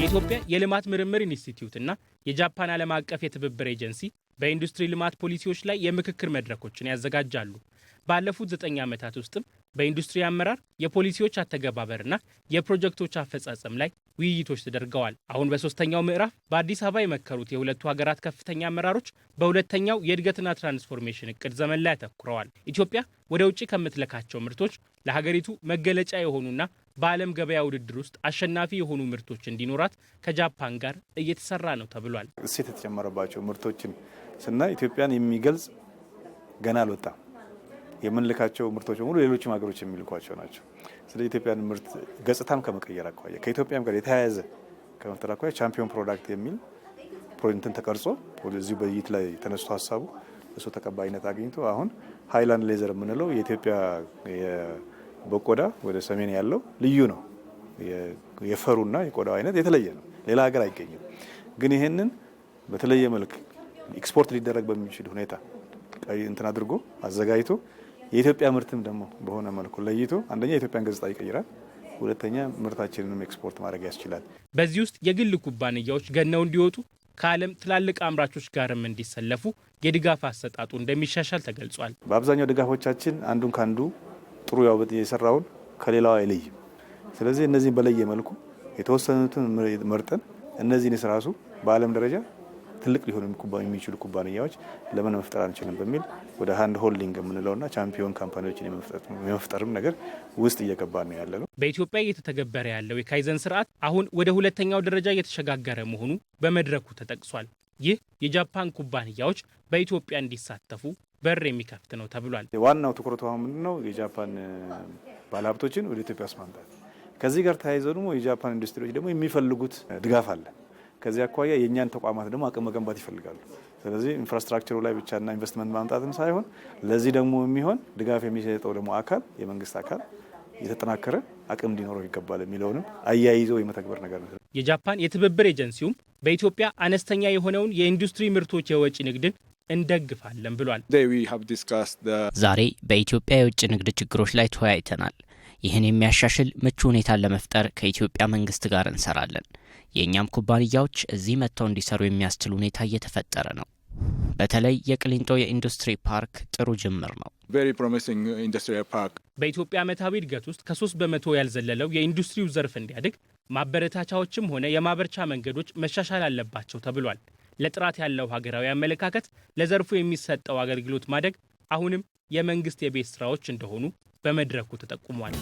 የኢትዮጵያ የልማት ምርምር ኢንስቲትዩት እና የጃፓን ዓለም አቀፍ የትብብር ኤጀንሲ በኢንዱስትሪ ልማት ፖሊሲዎች ላይ የምክክር መድረኮችን ያዘጋጃሉ። ባለፉት ዘጠኝ ዓመታት ውስጥም በኢንዱስትሪ አመራር፣ የፖሊሲዎች አተገባበርና የፕሮጀክቶች አፈጻጸም ላይ ውይይቶች ተደርገዋል። አሁን በሶስተኛው ምዕራፍ በአዲስ አበባ የመከሩት የሁለቱ ሀገራት ከፍተኛ አመራሮች በሁለተኛው የእድገትና ትራንስፎርሜሽን እቅድ ዘመን ላይ አተኩረዋል። ኢትዮጵያ ወደ ውጭ ከምትለካቸው ምርቶች ለሀገሪቱ መገለጫ የሆኑና በዓለም ገበያ ውድድር ውስጥ አሸናፊ የሆኑ ምርቶች እንዲኖራት ከጃፓን ጋር እየተሰራ ነው ተብሏል። እሴት የተጨመረባቸው ምርቶችን ስናይ ኢትዮጵያን የሚገልጽ ገና አልወጣም። የምንልካቸው ምርቶች በሙሉ ሌሎችም ሀገሮች የሚልኳቸው ናቸው። ስለ ኢትዮጵያን ምርት ገጽታም ከመቀየር አኳያ ከኢትዮጵያም ጋር የተያያዘ ከመፍጠር አኳያ ቻምፒዮን ፕሮዳክት የሚል ፕሮጀክትን ተቀርጾ እዚሁ በይት ላይ ተነስቶ ሀሳቡ እሱ ተቀባይነት አግኝቶ አሁን ሀይላንድ ሌዘር የምንለው የኢትዮጵያ በቆዳ ወደ ሰሜን ያለው ልዩ ነው። የፈሩና የቆዳው አይነት የተለየ ነው። ሌላ ሀገር አይገኝም። ግን ይህንን በተለየ መልክ ኤክስፖርት ሊደረግ በሚችል ሁኔታ እንትን አድርጎ አዘጋጅቶ የኢትዮጵያ ምርትም ደግሞ በሆነ መልኩ ለይቶ አንደኛ የኢትዮጵያን ገጽታ ይቀይራል፣ ሁለተኛ ምርታችንንም ኤክስፖርት ማድረግ ያስችላል። በዚህ ውስጥ የግል ኩባንያዎች ገነው እንዲወጡ ከዓለም ትላልቅ አምራቾች ጋርም እንዲሰለፉ የድጋፍ አሰጣጡ እንደሚሻሻል ተገልጿል። በአብዛኛው ድጋፎቻችን አንዱን ከአንዱ ጥሩ የሰራውን ከሌላው አይለይም። ስለዚህ እነዚህን በለየ መልኩ የተወሰኑትን መርጠን እነዚህን ስራሱ በዓለም ደረጃ ትልቅ ሊሆኑ የሚችሉ ኩባንያዎች ለምን መፍጠር አንችልም በሚል ወደ ሃንድ ሆልዲንግ የምንለውና ቻምፒዮን ካምፓኒዎችን የመፍጠርም ነገር ውስጥ እየገባ ነው ያለ ነው። በኢትዮጵያ እየተተገበረ ያለው የካይዘን ስርዓት አሁን ወደ ሁለተኛው ደረጃ እየተሸጋገረ መሆኑ በመድረኩ ተጠቅሷል። ይህ የጃፓን ኩባንያዎች በኢትዮጵያ እንዲሳተፉ በር የሚከፍት ነው ተብሏል። ዋናው ትኩረቱ አሁን ነው? የጃፓን ባለሀብቶችን ወደ ኢትዮጵያ ውስጥ ማምጣት። ከዚህ ጋር ተያይዘው ደግሞ የጃፓን ኢንዱስትሪዎች ደግሞ የሚፈልጉት ድጋፍ አለ። ከዚህ አኳያ የእኛን ተቋማት ደግሞ አቅም መገንባት ይፈልጋሉ። ስለዚህ ኢንፍራስትራክቸሩ ላይ ብቻና ኢንቨስትመንት ማምጣትም ሳይሆን ለዚህ ደግሞ የሚሆን ድጋፍ የሚሰጠው ደግሞ አካል የመንግስት አካል የተጠናከረ አቅም እንዲኖረው ይገባል የሚለውንም አያይዘው የመተግበር ነገር ነው። የጃፓን የትብብር ኤጀንሲውም በኢትዮጵያ አነስተኛ የሆነውን የኢንዱስትሪ ምርቶች የወጪ ንግድን እንደግፋለን ብሏል። ዛሬ በኢትዮጵያ የውጭ ንግድ ችግሮች ላይ ተወያይተናል። ይህን የሚያሻሽል ምቹ ሁኔታን ለመፍጠር ከኢትዮጵያ መንግስት ጋር እንሰራለን። የእኛም ኩባንያዎች እዚህ መጥተው እንዲሰሩ የሚያስችል ሁኔታ እየተፈጠረ ነው። በተለይ የቅሊንጦ የኢንዱስትሪ ፓርክ ጥሩ ጅምር ነው። በኢትዮጵያ ዓመታዊ እድገት ውስጥ ከሶስት በመቶ ያልዘለለው የኢንዱስትሪው ዘርፍ እንዲያድግ ማበረታቻዎችም ሆነ የማበርቻ መንገዶች መሻሻል አለባቸው ተብሏል። ለጥራት ያለው ሀገራዊ አመለካከት፣ ለዘርፉ የሚሰጠው አገልግሎት ማደግ አሁንም የመንግስት የቤት ስራዎች እንደሆኑ በመድረኩ ተጠቁሟል።